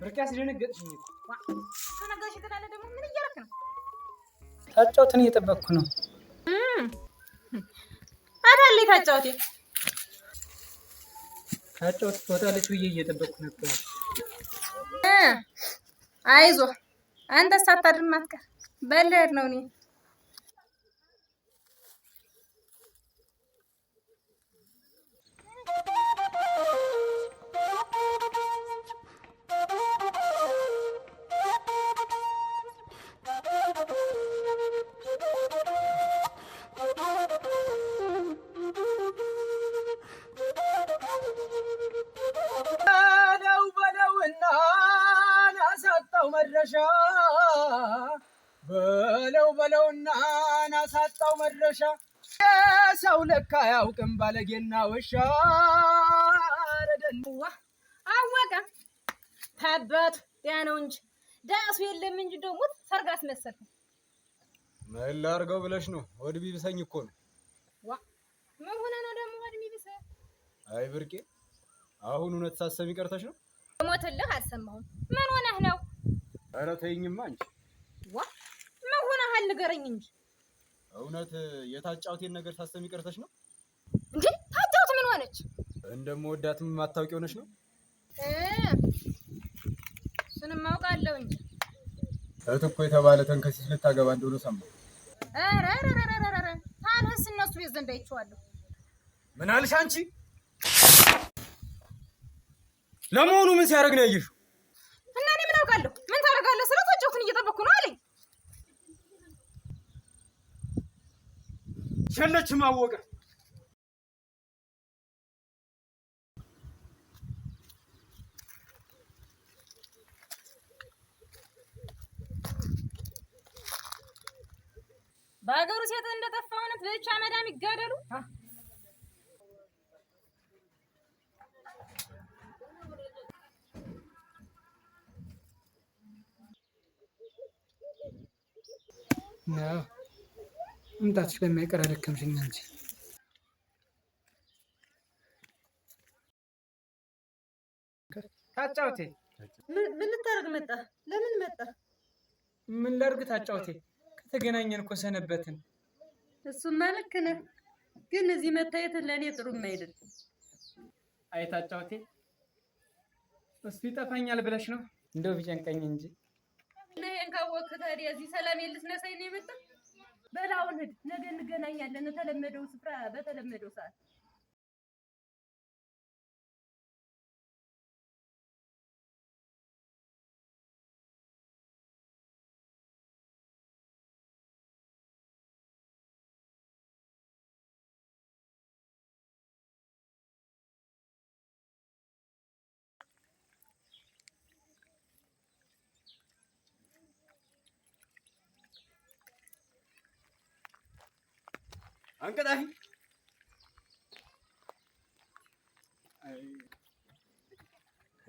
ብርቅ ያስደነገጥሽኝ ተነጋሽ ትላለህ። ደግሞ ምን እያደረክ ነው? ታጫውትን እየጠበቅኩ ነው። አዳለ ታጫውቴ ታጫውት ትወጣለች ብዬ እየጠበቅኩ ነበር። አንተ ሳታድር ማትቀር በልሄድ ነው እኔ የመጣው መድረሻ ሰው ለካ ያውቅም ባለጌና ወሻ ረደንዋ አወቀ ተበቱ ያ ነው እንጂ ዳሱ የለም እንጂ ደግሞ ሰርግ አስመሰልኩ። መላ አድርገው ብለሽ ነው። ወድ ቢብሰኝ እኮ ነው። ዋ ምን ሆነ ነው ደግሞ ወድ ቢብሰ አይ ብርቄ፣ አሁን እውነት ሳሰሚ ቀርተሽ ነው። ሞትልህ አልሰማሁም። ምን ሆነህ ነው? ኧረ ተይኝማ እንጂ ዋ ምን ሆነህ አልገረኝ እንጂ እውነት የታጫውቴን ነገር ታሰሚ ቀርተሽ ነው እንዴ? ታጫውት ምን ሆነች? እንደምወዳትም ማታውቂ ሆነች ነው። እሱንም አውቃለሁ እንጂ እህት እኮ የተባለ ተንከሲስ ልታገባ እንደሆነ ሰማሁ። ታንስ እነሱ ቤት ዘንድ አይቼዋለሁ። ምን አልሽ አንቺ? ለመሆኑ ምን ሲያደርግ ነው ያየሽው? እና እኔ ምን አውቃለሁ? ምን ታደርጋለህ ስለው ታጫውትን እየጠበኩ ነው አለኝ። የለችም አወቀ። በሀገሩ ሴት እንደጠፋ እውነት ብቻ መዳም ይጋደሉ። ነው መምጣት ስለማይቀር አደከምሽኝ አንቺ። ታጫውቴ ምን ልታደርግ መጣ? ለምን መጣ? ምን ላድርግ ታጫውቴ፣ ከተገናኘን እኮ ሰነበትን። እሱማ ልክ ነህ፣ ግን እዚህ መታየት ለእኔ ጥሩም አይደል። አይ ታጫውቴ፣ እሱ ይጠፋኛል ብለሽ ነው? እንደው ቢጨንቀኝ እንጂ እና ይሄን ካወቅህ ታዲያ እዚህ ሰላም የልትነሳኝ ነው የመጣ በላውን ሂድ። ነገ እንገናኛለን። የተለመደው ስፍራ በተለመደው ሰዓት አንቀጣፊ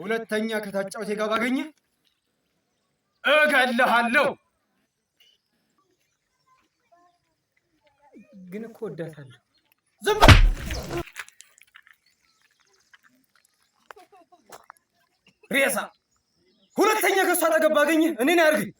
ሁለተኛ ከታጫውቴ ዜጋ ባገኘ እገልሃለሁ። ግን እኮ ወዳታለሁ። ዝም ሬሳ ሁለተኛ ከሷ አጠገብ ባገኘ እኔን አያርግኝ።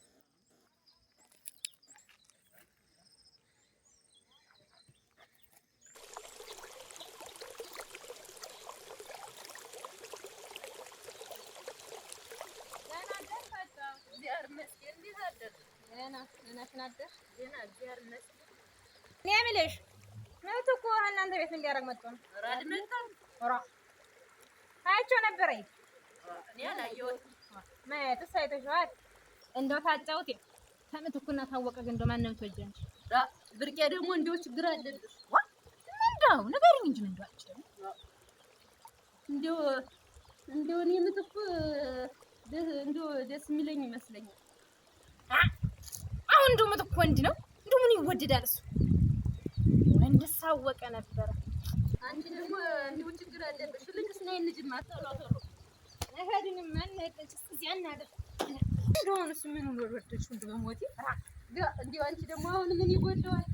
እኔ የምልሽ መብት እኮ እናንተ ቤት ምን ሊያደርግ መጥቶ ነው? ታያቸው ነበረ መየትስ አይተሽዋል? እንደው ታጫውት ተምትኩና ታወቀ ግን እንደው ማንም ትወጂ ብርቄ ደግሞ እንደው ችግር አለብሽ ምንድነው? ንገሪኝ እንጂ ምንድነው አልችልም እንደው እንደው እኔ ምትኩ እንደው ደስ የሚለኝ ይመስለኛል። ወንዱ ምትክ ወንድ ነው። እንዱ ምን ይወደዳል እሱ ወንድ ሳወቀ ነበረ። አንቺ ደግሞ እንዲሁ ችግር አለብሽ። ልክስ ነይ እንጅማ ታላታሎ አይሄድን ማን ነጭ እዚህ አናደር እንደሆነ እሱ ምን ወደደሽ እንዱ በሞቴ እንዲ አንቺ ደግሞ አሁን ምን ይወደዋል?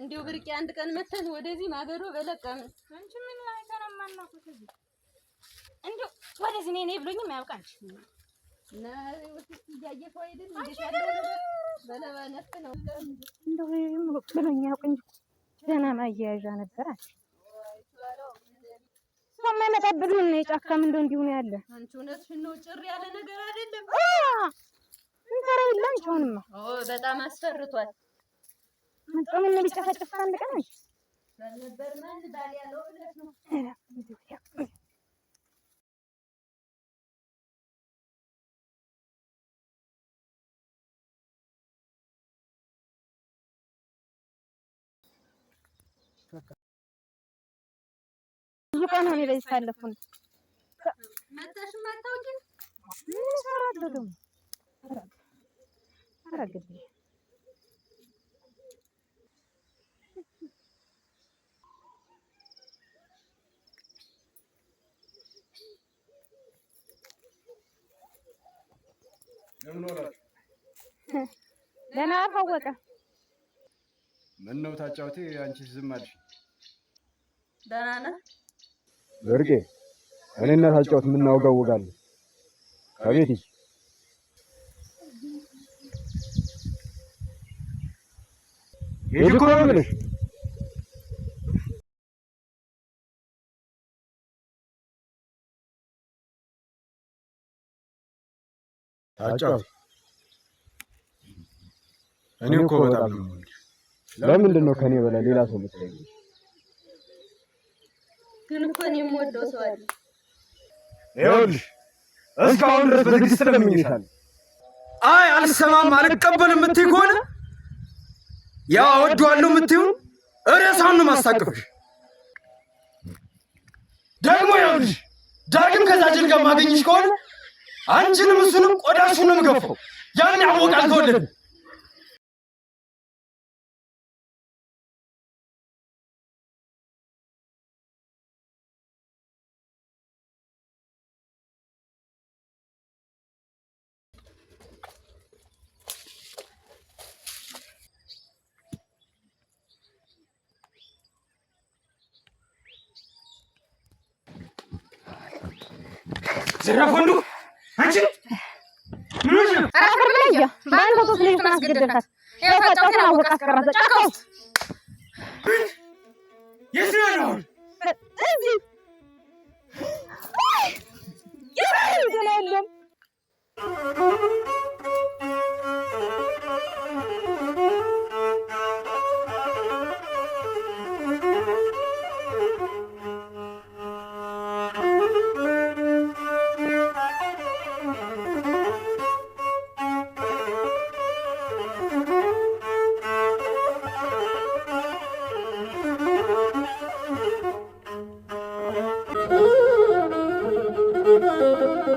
እንዲው ብርቄ አንድ ቀን መተን ወደዚህ ማገዶ በለቀም አንቺ ምን ላይ ነው ከዚህ እንዲው ወደዚህ ነኝ ነኝ ብሎኝም አያውቃል። ገና ማያያዣ ነበር አለ የማይመጣብን ነው የጫካም እንደው እንዲሁ ነው ያለ። አንቺ እውነትሽን ነው፣ ጭር ያለ ነገር አይደለም። እንሰራ የለም አሁንማ በጣም አስፈርቷል። ጾም እንዲጨፈጭፍ አንድ ቀን ብዙ ቀን ሆነ በዚህ ሳለፍኩኝ መተሽ ገና አልታወቀም። ምነው ታጫውቴ አንቺስ ዝም አልሽ? ደህና ነህ እርቄ? እኔና ታጫውት የምናወጋው ወጋለን ከቤት ይሄ እኮ ነው የምልሽ ታጫውት። እኔ እኮ በጣም ለምንድን ነው ከኔ በላይ ሌላ ሰው የምትለኝ? ግን እኮ እኔ የምወደው ሰው አለ። ይኸውልሽ እስካሁን ድረስ በትዕግስት ለምኝሻል። አይ አልሰማም፣ አልቀበልም የምትይ ከሆነ ያው እወደዋለሁ የምትይውን ሬሳውን ነው የማስታቅፍሽ። ደግሞ ይኸውልሽ ዳግም ከዛ ጅል ጋር ማገኝሽ ከሆነ አንቺንም እሱንም ቆዳሽንም ገፈው ያን ያወቃል ተወለደ ዘራፍ ወንዱ አያ ባለፈው ሦስት ልጆቹን አስገደልካት።